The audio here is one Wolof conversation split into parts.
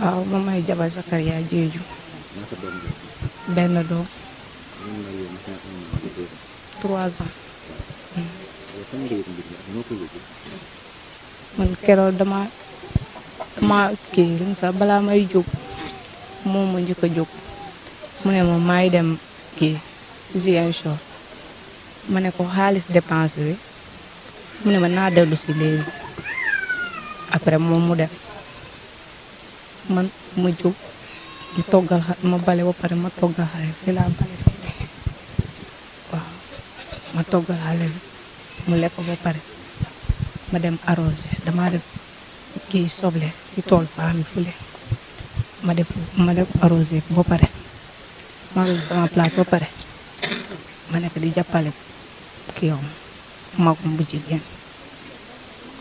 waaw moom mooy jabar Zakaria ju benn doom trois ans man keroog dama dama kii sax balaa may jóg moom mu njëkk a jóg mu ne ma maay dem kii Ziguinchor ma ne ko xaalis dépense wi mu ne ma naa dellu si léegi après moom mu dem man ma jóg ma toggal ma bale ba pare ma toggal xale fii laa bale mu lekk ba pare ma dem arrosé dama def kii soble si tool faa fule ma def ma def arrosé ba pare ma arrosé sama ma nekk di jàppale ki yow magum bu jigéen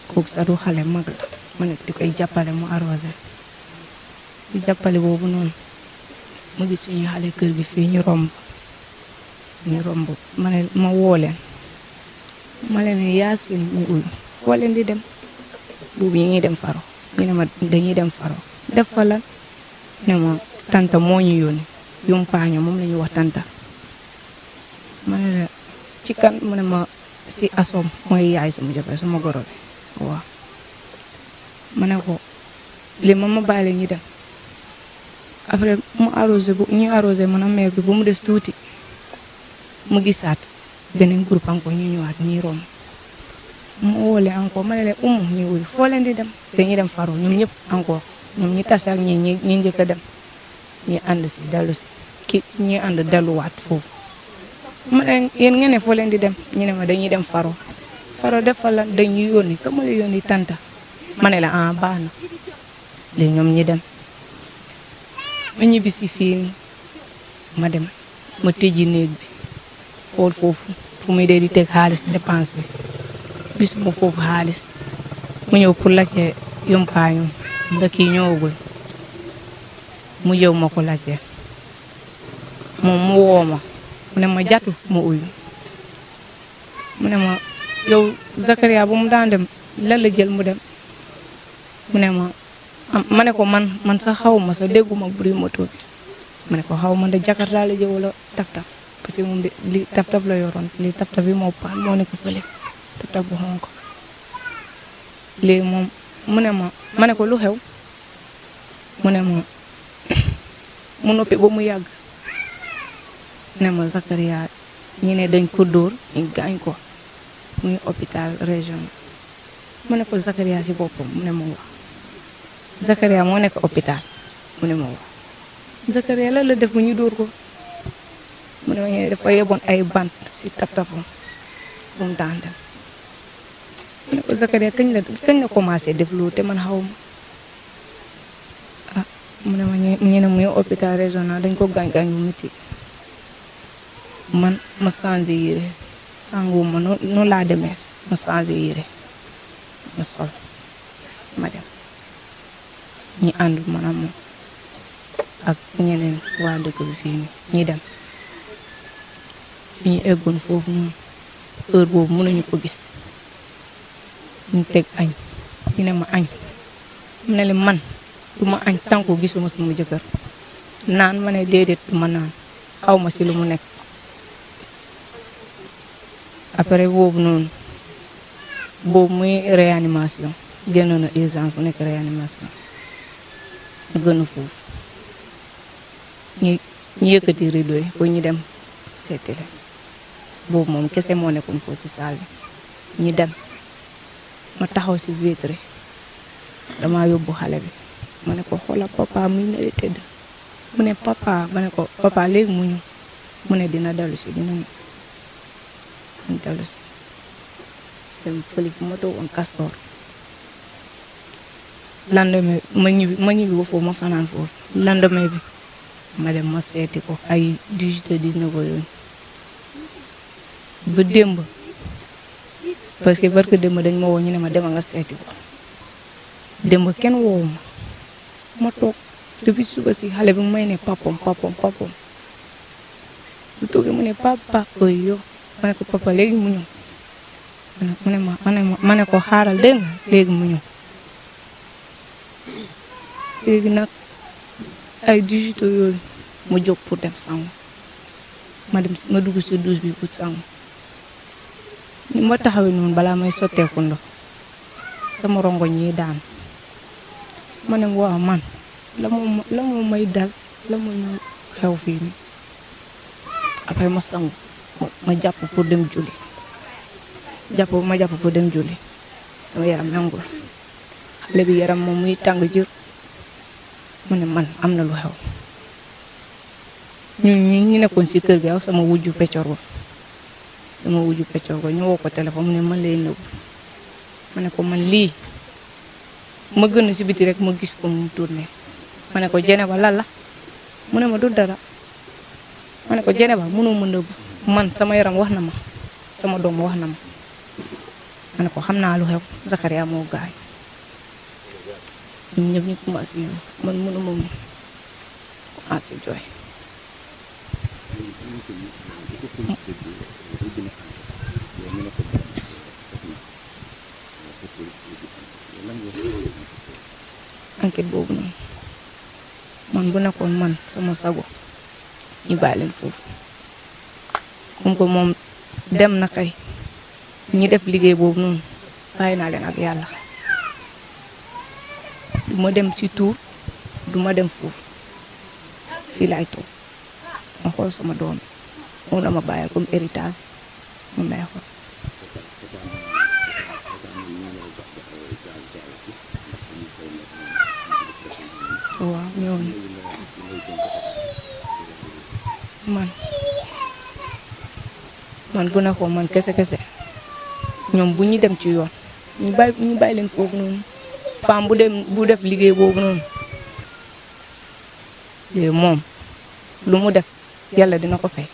kooku sa du xale mag ma nekk di koy jàppale mu arrosé ci jàppale boobu noonu ma gis suñu kër gi fii ñu romb ñu romb ma ne ma woo ma leen yaasin ñu ul di dem boobu ñu ngi dem faro ñu ne ma dañuy dem faro def fa lan ne ma tanta moo ñu yónni yumpaaño moom la ñuy wax tanta ma ne la ci kan mu ne ma si asom mooy yaay sama jabar sama goro bi waaw ma ne ko li ma ma baale ñu dem après mu arrosé bu ñu arrosé man a meer bi ba mu des tuuti mu gisaat beneen groupe encore ñu ñëwaat ñuy romb mu wóole encore ma ne leen umu ñu wuy foo leen di dem dañuy dem faro ñoom ñëpp encore ñoom ñi tase ak ñi ñi ñi njëkk a dem ñi ànd si dellu ki ñi ànd delluwaat foofu ma ne yéen foo leen di dem ñu ne ma dañuy dem faroo faroo defal la dañuy yónni ka ma la yónni tanta ma ne la ah baax na léegi ñoom ñi dem ma ñibbi si fii ma dem ma tëjji néeg bi xool foofu fu muy dee di teg xaalis dépense bi gisuma foofu xaalis mu ñëw pour laajte yompaañu ndëkk yi ñëwagul mu jëw ma ko laajte moom mu woo ma mu ne ma jàttu ma uyu mu ne ma yow Zakaria ba mu daan dem lan la jël mu dem mu ne ma ma ne ko man man sax xaw ma sax dégguma bruit moto bi ma ne ko xaw man da jakarta la jë wala taf-taf parce que moom li taf-taf la yoroon li taf-taf yi moo paan moo nekk fële taf-taf bu xonk ko léegi moom mune ne ma ma ne ko lu xew mu ne ma mu noppi ba mu yàgg ne ma Zakaria ñu ne dañ ko dóor ñu gaañ ko muy hôpital région mu ne ko Zakaria si boppam mu ne ma Zakaria moo nekk hôpital mu ne ma wax Zakaria la la def bu ñu dóor ko mu ne ma ñu dafa yeboon ay bant si taf-tafam bu mu daan dem mu ne ko Zakaria kañ la kañ commencé def loolu te man xaw ma ah, mu ne ma ñu ne muy hôpital régional dañ ko gaañ-gaañ bu métti man ma changé yére sànguma noonu laa demee ma changé yére ma sol ñi àndul maanaam moom ak ñeneen waa dëkk bi fii nii ñi dem fi ñu eggoon foofu ñun heure boobu mënuñu ko gis ñu teg añ ñu ne ma añ mu ne leen man du ma añ tànku gisuma sama jëkkër naan ma ne déedéet naan aw ma si lu mu nekk après boobu noonu boobu muy réanimation génnoon na urgence bu nekk réanimation bu gën a foofu ñu ñu yëkkati rideau yi ba ñu dem seeti la boobu moom kese moo nekkoon foofu si saal bi ñu dem mu taxaw si vitre damaa yóbbu xale bi ma ne ko xola papa muy na tëdd mu ne papa ma ne ko papa léegi mu ñu mu ne dina dalu si dina mu dalu si dem fële fu ma toogoon Castor lendemain ma ñibbi ma ñibbi ko foofu ma fanaan foofu lendemain bi ma dem ma seeti ko ay 18 19 yooyu ba démb parce que barke démb dañ ma wooñu ne ma demal nga seeti ko démb kenn woowu ma ma toog depuis suba si xale bi may ne papam papam papam bu toogee mu ne papa oyo ma ne ko papa léegi mu ñëw ma ne ko xaaral dégg nga mu ñëw. léegi nag ay 18 heures yooyu ma jóg pour dem sangu ma dem ma dugg si douche bi pour sangu ni ma taxawee noonu balaa may sotteeku ndox sama rongo ñi daan mane ne waaw man la moo may dal la moo ñu xew fii nii après ma sangu ma jàpp pour dem julli jàpp ma jàpp pour dem juli sama yaram nangu xale yaram moom muy tàng jër mu ne man am na luxew xew ñun ñu nekkoon si kër gi ga sama wujju peccor ba sama wujju peccor ba ñu woo ko téléphone mu ne man lay nëbb ma ne ko man lii ma gën si biti rek ma gis ko mu turne ma ne ko jene ba lan la mu ne ma du dara ma ne ko jene ba mënoo ma nëbb man sama yaram wax na ma sama doom wax na ma ma ne ko xam naa lu xew Zakaria moo gaañ nhập à, mình ñëpp ñu commencé yow man mënu ma commencé jooy enquête boobu noonu man bu nekkoon man sama sago lên bàyyi leen foofu comme que moom dem na kay ñi def liggéey boobu noonu bàyyi naa leen ak yàlla du ma dem ci tuur du dem foofu fii laay toog ma xool sama doom moom la ma bàyyi comme héritage moom lay waaw ñëw man man bu ne ko man kese kese ñoom bu ñu dem ci yoon ñu bàyyi ñu bàyyi leen foofu noonu. femme bu bu def liggéey boobu noonu moom lu mu def yàlla dina ko fay